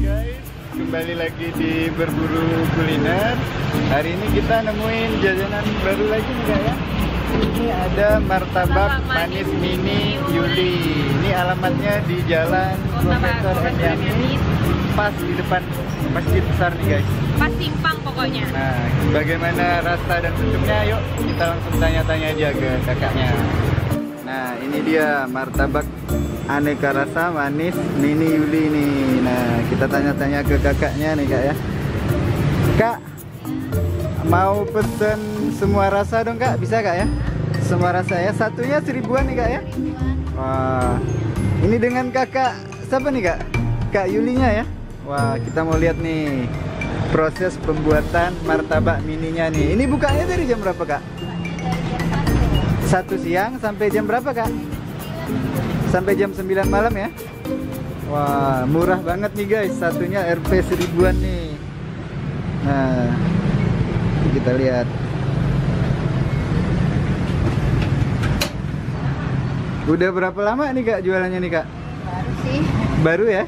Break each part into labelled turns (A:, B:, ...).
A: guys, kembali lagi di berburu kuliner Hari ini kita nemuin jajanan baru lagi nih ya Ini ada martabak manis mini Yuli Ini alamatnya di jalan Profesor Emyani Pas di depan masjid besar nih guys Pas simpang pokoknya Nah, bagaimana rasa dan bentuknya yuk kita langsung tanya-tanya aja ke kakaknya Nah, ini dia martabak aneka rasa manis mini Yuli nih nah kita tanya-tanya ke kakaknya nih kak ya kak mau pesen semua rasa dong kak bisa kak ya semua rasa ya satunya seribuan nih kak ya wah ini dengan kakak siapa nih kak kak Yulinya ya wah kita mau lihat nih proses pembuatan martabak mininya nih ini bukanya dari jam berapa kak satu siang sampai jam berapa kak sampai jam 9 malam ya Wah murah banget nih guys satunya Rp seribuan nih nah kita lihat udah berapa lama nih kak jualannya nih kak baru sih baru ya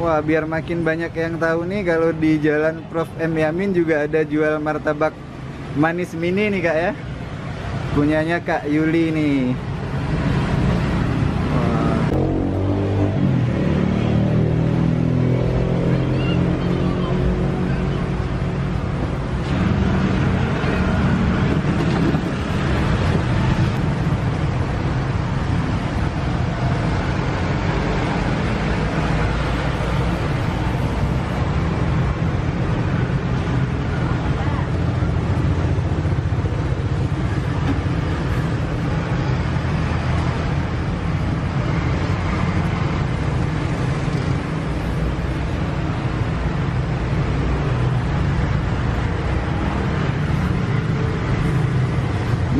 A: Wah biar makin banyak yang tahu nih kalau di jalan Prof M Yamin juga ada jual martabak manis mini nih kak ya punyanya kak Yuli nih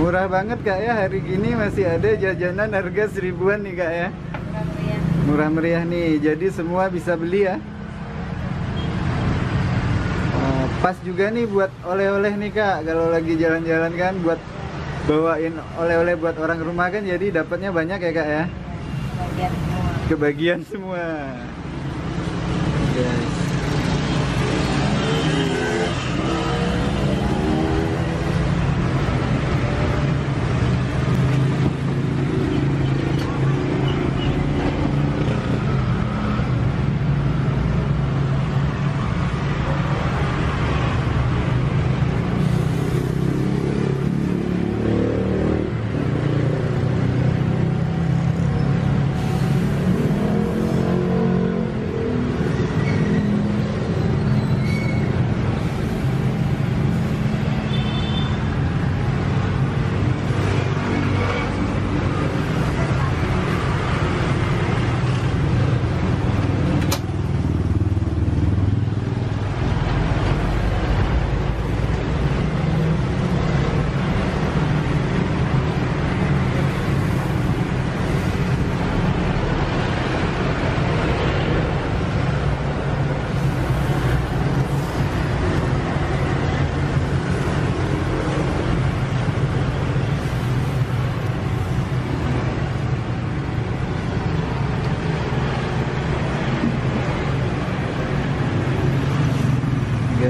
A: Murah banget kak ya hari gini masih ada jajanan harga seribuan nih kak ya. Murah meriah. nih. Jadi semua bisa beli ya. Eh, pas juga nih buat oleh-oleh nih kak. Kalau lagi jalan-jalan kan buat bawain oleh-oleh buat orang rumah kan jadi dapatnya banyak ya kak ya. Kebagian semua. Kebagian semua.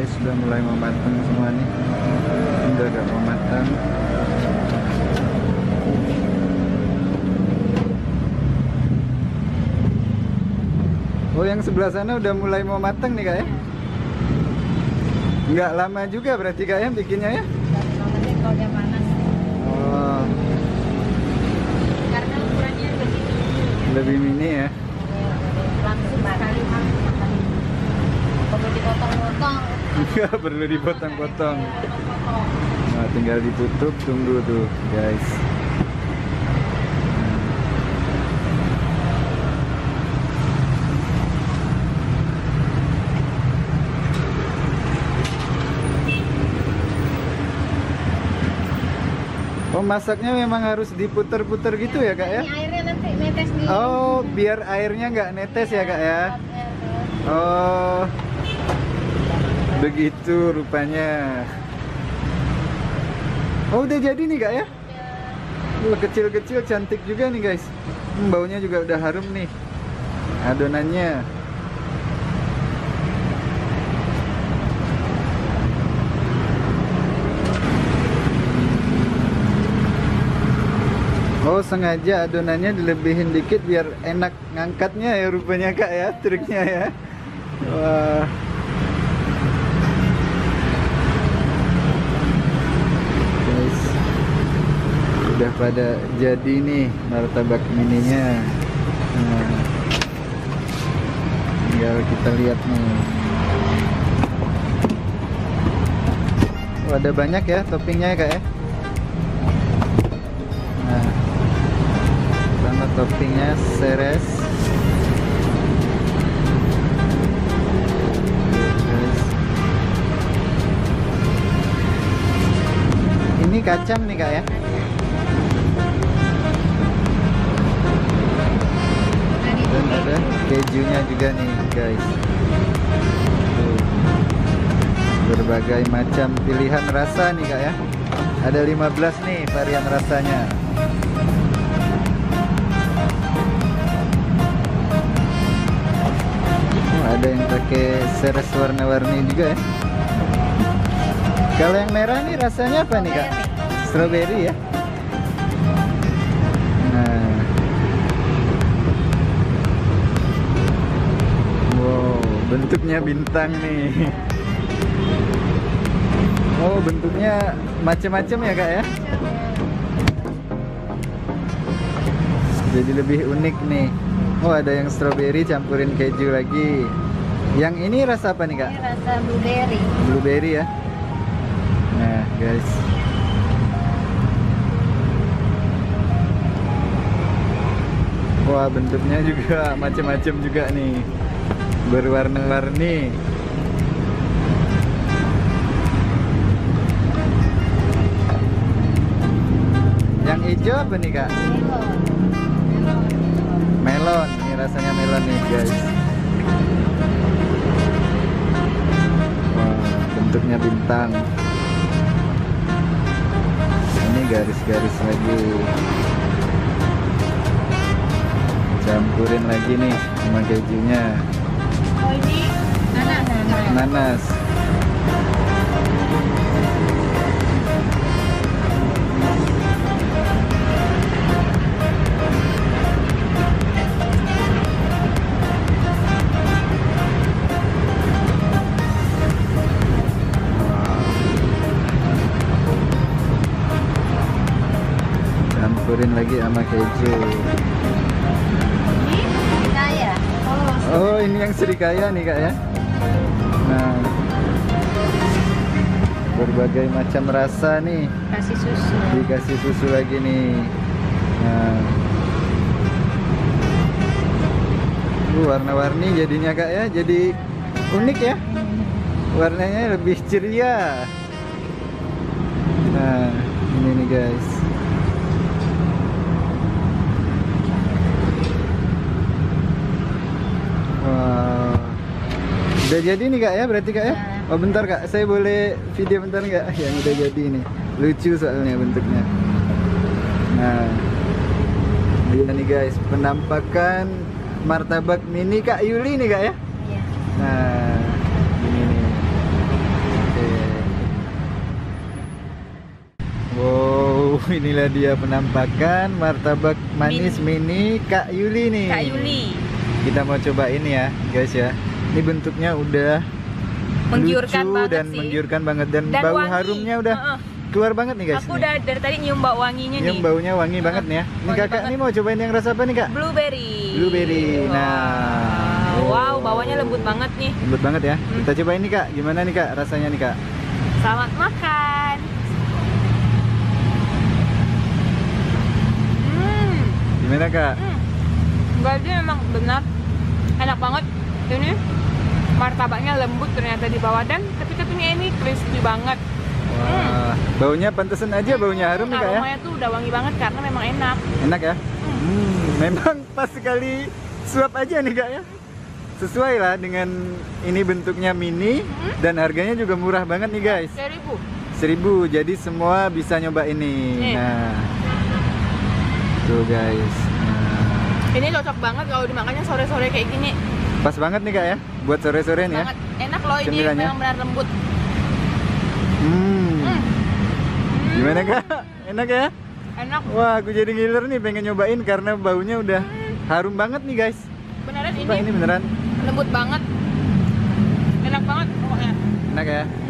A: guys sudah mulai mematang semua nih udah agak mematang oh yang sebelah sana udah mulai mau matang nih kak ya nggak lama juga berarti kak ya bikinnya ya oh. lebih mini ya langsung kali langsung kali kalau dipotong-potong nggak iya, perlu dipotong-potong nah tinggal ditutup tunggu tuh guys Oh masaknya memang harus diputer-puter gitu ya kak ya? Iya, oh biar airnya nggak netes ya kak ya? Iya, oh begitu rupanya oh udah jadi nih kak ya kecil-kecil cantik juga nih guys hmm, baunya juga udah harum nih adonannya Oh sengaja adonannya dilebihin dikit biar enak ngangkatnya ya rupanya kak ya triknya ya Wah. udah pada jadi nih martabak mininya nah, hmm. tinggal kita lihat nih oh, ada banyak ya toppingnya ya kak ya nah toppingnya seres ini kacang nih kak ya kejunya juga nih guys berbagai macam pilihan rasa nih kak ya ada 15 nih varian rasanya oh, ada yang pakai seres warna-warni juga ya kalau yang merah nih rasanya apa nih kak? Strawberry ya? punya bintang nih Oh bentuknya macam-macam ya kak ya Jadi lebih unik nih Oh ada yang strawberry campurin keju lagi Yang ini rasa apa nih kak? Ini rasa blueberry Blueberry ya Nah guys Wah bentuknya juga macam-macam juga nih berwarna-warni yang hijau apa nih kak? melon melon, ini rasanya melon nih guys wah bentuknya bintang ini garis-garis lagi campurin lagi nih sama kejunya ini nanas. Nanas. Wow. Campurin lagi sama keju. oh ini yang serikaya nih kak ya nah berbagai macam rasa nih kasih susu dikasih susu lagi nih nah uh, warna-warni jadinya kak ya jadi unik ya warnanya lebih ceria nah ini nih guys udah jadi nih kak ya berarti kak ya nah. oh bentar kak saya boleh video bentar nggak yang udah jadi nih lucu soalnya bentuknya nah iya nih guys penampakan martabak mini kak Yuli nih kak ya iya. nah ini nih oke wow inilah dia penampakan martabak manis mini, kak Yuli nih kak Yuli kita mau coba ini ya guys ya ini bentuknya udah
B: menggiurkan lucu dan sih.
A: menggiurkan banget dan, dan bau wangi. harumnya udah uh -uh. keluar banget nih guys. Aku nih. udah dari tadi nyium bau wanginya nyium nih. Nyium baunya wangi uh banget nih ya. Ini kakak banget. nih mau cobain yang rasa apa nih kak? Blueberry. Blueberry. Nah. Wow, wow bawanya lembut banget nih. Lembut banget ya. Hmm. Kita cobain nih kak. Gimana nih kak rasanya nih kak? Selamat makan. Hmm. Gimana kak? Hmm. sih memang benar enak banget ini martabaknya lembut ternyata di bawah dan ketika punya ini crispy banget Wah, hmm. baunya pantesan aja hmm, baunya harum nih ya, kak ya aromanya tuh udah wangi banget karena memang enak enak ya hmm. Hmm, memang pas sekali suap aja nih kak ya sesuai lah dengan ini bentuknya mini hmm? dan harganya juga murah banget nih guys seribu seribu jadi semua bisa nyoba ini Hmm. nah tuh guys nah. ini cocok banget kalau dimakannya sore-sore kayak gini Pas banget nih kak ya, buat sore-sore nih ya. Enak loh ini yang benar lembut. Hmm. hmm. Gimana kak? Enak ya? Enak. Wah, aku jadi ngiler nih pengen nyobain karena baunya udah hmm. harum banget nih guys. Beneran Sumpah, ini? ini beneran. Lembut banget. Enak banget pokoknya. Enak ya?